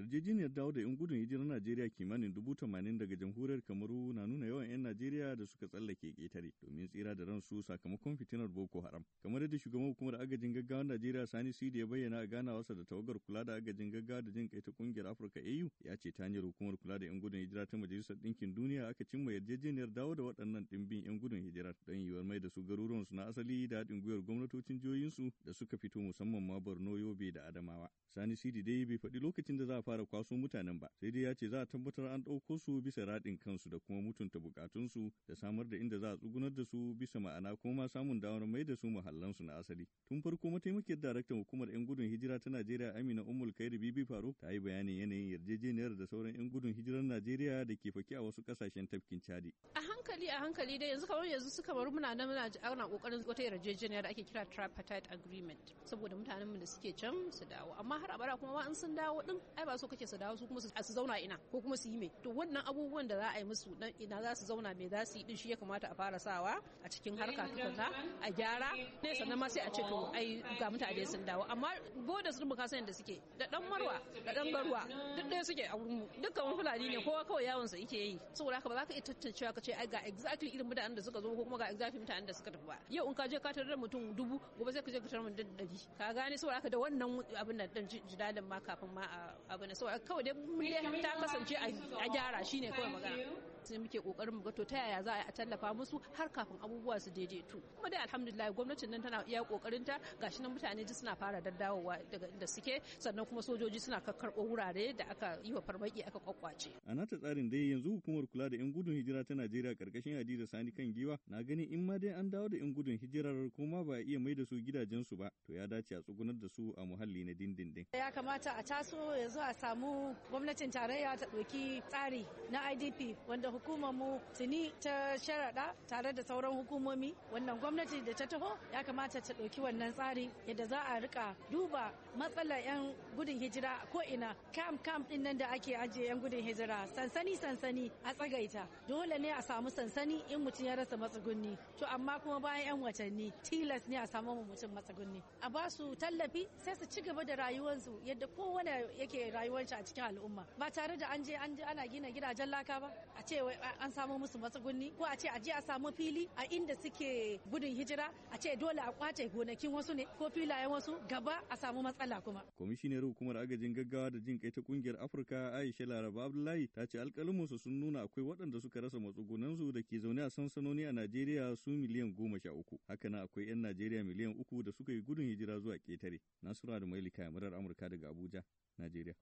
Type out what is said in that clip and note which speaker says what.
Speaker 1: Yarjejeniyar dawo da 'yan gudun hijirar Najeriya kimanin dubu tamanin daga jamhuriyar Kamaru na nuna yawan 'yan Najeriya da suka tsallake ƙetare domin tsira da ransu sakamakon fitinar Boko Haram. Kamar yadda shugaban hukumar agajin gaggawa Najeriya Sani Sidi ya bayyana a ganawarsa da tawagar kula da agajin gaggawa da jin kai ta kungiyar Afirka AU ya ce ta hanyar hukumar kula da 'yan gudun hijira ta Majalisar Ɗinkin Duniya aka cimma yarjejeniyar dawo da waɗannan ɗimbin 'yan gudun hijira don yiwuwar mai da su garuruwansu na asali da haɗin gwiwar gwamnatocin jihohinsu da suka fito musamman ma Borno, Yobe da Adamawa. Sani Sidi dai bai faɗi lokacin da za a fara kwaso mutanen ba, sai dai ya ce za a tabbatar an ɗauko su bisa raɗin kansu da kuma mutunta bukatunsu da samar da inda za a tsugunar da su bisa ma'ana kuma samun damar mai da su muhallansu na asali. Tun farko mataimakiyar daraktan hukumar 'yan gudun hijira ta Najeriya Amina Ummul Kairi Bibi Faruk ta yi bayanin yanayin yarjejeniyar da sauran 'yan gudun hijirar Najeriya da ke fake a wasu kasashen tafkin Chadi.
Speaker 2: A hankali a hankali dai yanzu kamar yanzu suka bar muna nan muna ana kokarin wata yarjejeniya da ake kira tripartite agreement saboda mutanenmu da suke can su dawo amma har abada kuma ma in sun dawo din ai ba so kake su dawo su kuma su zauna ina ko kuma su yi me to wannan abubuwan da za a yi musu dan ina za su zauna me za su yi din shi ya kamata a fara sawa a cikin harka tukunna a gyara ne sannan ma sai a ce to ai ga mutane sun dawo amma bodas din buka san da suke da dan marwa da dan garwa duk dai suke a wurin mu dukkan wani fulani ne kowa kawai yawon sa yake yi saboda haka ba za ka iya tantancewa ka ce ai ga exactly irin mutanen da suka zo ko kuma ga exactly mutanen da suka tafi ba yau in ka je ka tarar mutum dubu gobe sai ka je ka tarar mutum dari ka gane saboda haka da wannan abin nan din ji ma kafin ma a abu na saboda kawai dai ta kasance a gyara ne kawai magana sai muke kokarin mu ga to ta yaya za a tallafa musu har kafin abubuwa su daidaitu kuma dai alhamdulillah gwamnatin nan tana iya kokarin ta gashi nan mutane ji suna fara daddawowa daga inda suke sannan kuma sojoji suna kakkarɓo wurare da aka yi wa farmaki aka kwakwace
Speaker 1: a nata tsarin dai yanzu hukumar kula da yan gudun hijira ta Najeriya karkashin Hadiza Sani kan giwa na gani in ma dai an dawo da yan gudun hijirar kuma ba a iya mai da su gidajensu ba to ya dace a tsugunar da su a muhalli na dindindin
Speaker 3: ya kamata a taso yanzu a samu gwamnatin tarayya ta dauki tsari na IDP wanda da hukumar mu tuni ta sharaɗa tare da sauran hukumomi wannan gwamnati da ta taho ya kamata ta ɗauki wannan tsari yadda za a rika duba matsalar 'yan gudun hijira ko ina kam kam ɗin nan da ake ajiye 'yan gudun hijira sansani sansani a tsagaita dole ne a samu sansani in mutum ya rasa matsugunni to amma kuma bayan 'yan watanni tilas ne a samu mutum matsugunni a ba su tallafi sai su ci gaba da rayuwarsu yadda kowane yake rayuwarsa a cikin al'umma ba tare da an je an ana gina gidajen laka ba a ce wai an samo musu matsugunni ko a ce a je a samu fili a inda suke gudun hijira a ce dole a kwace gonakin wasu ne ko filayen wasu gaba a samu matsala kuma.
Speaker 1: Kwamishinar hukumar agajin gaggawa da jin kai ta kungiyar Afirka Aisha Laraba Abdullahi ta ce alƙalumansu sun nuna akwai waɗanda suka rasa matsugunansu da ke zaune a sansanoni a Najeriya su miliyan goma sha uku. haka Hakanan akwai 'yan Najeriya miliyan uku da suka yi gudun hijira zuwa ƙetare. Nasiru da ya Murar Amurka daga Abuja, Najeriya.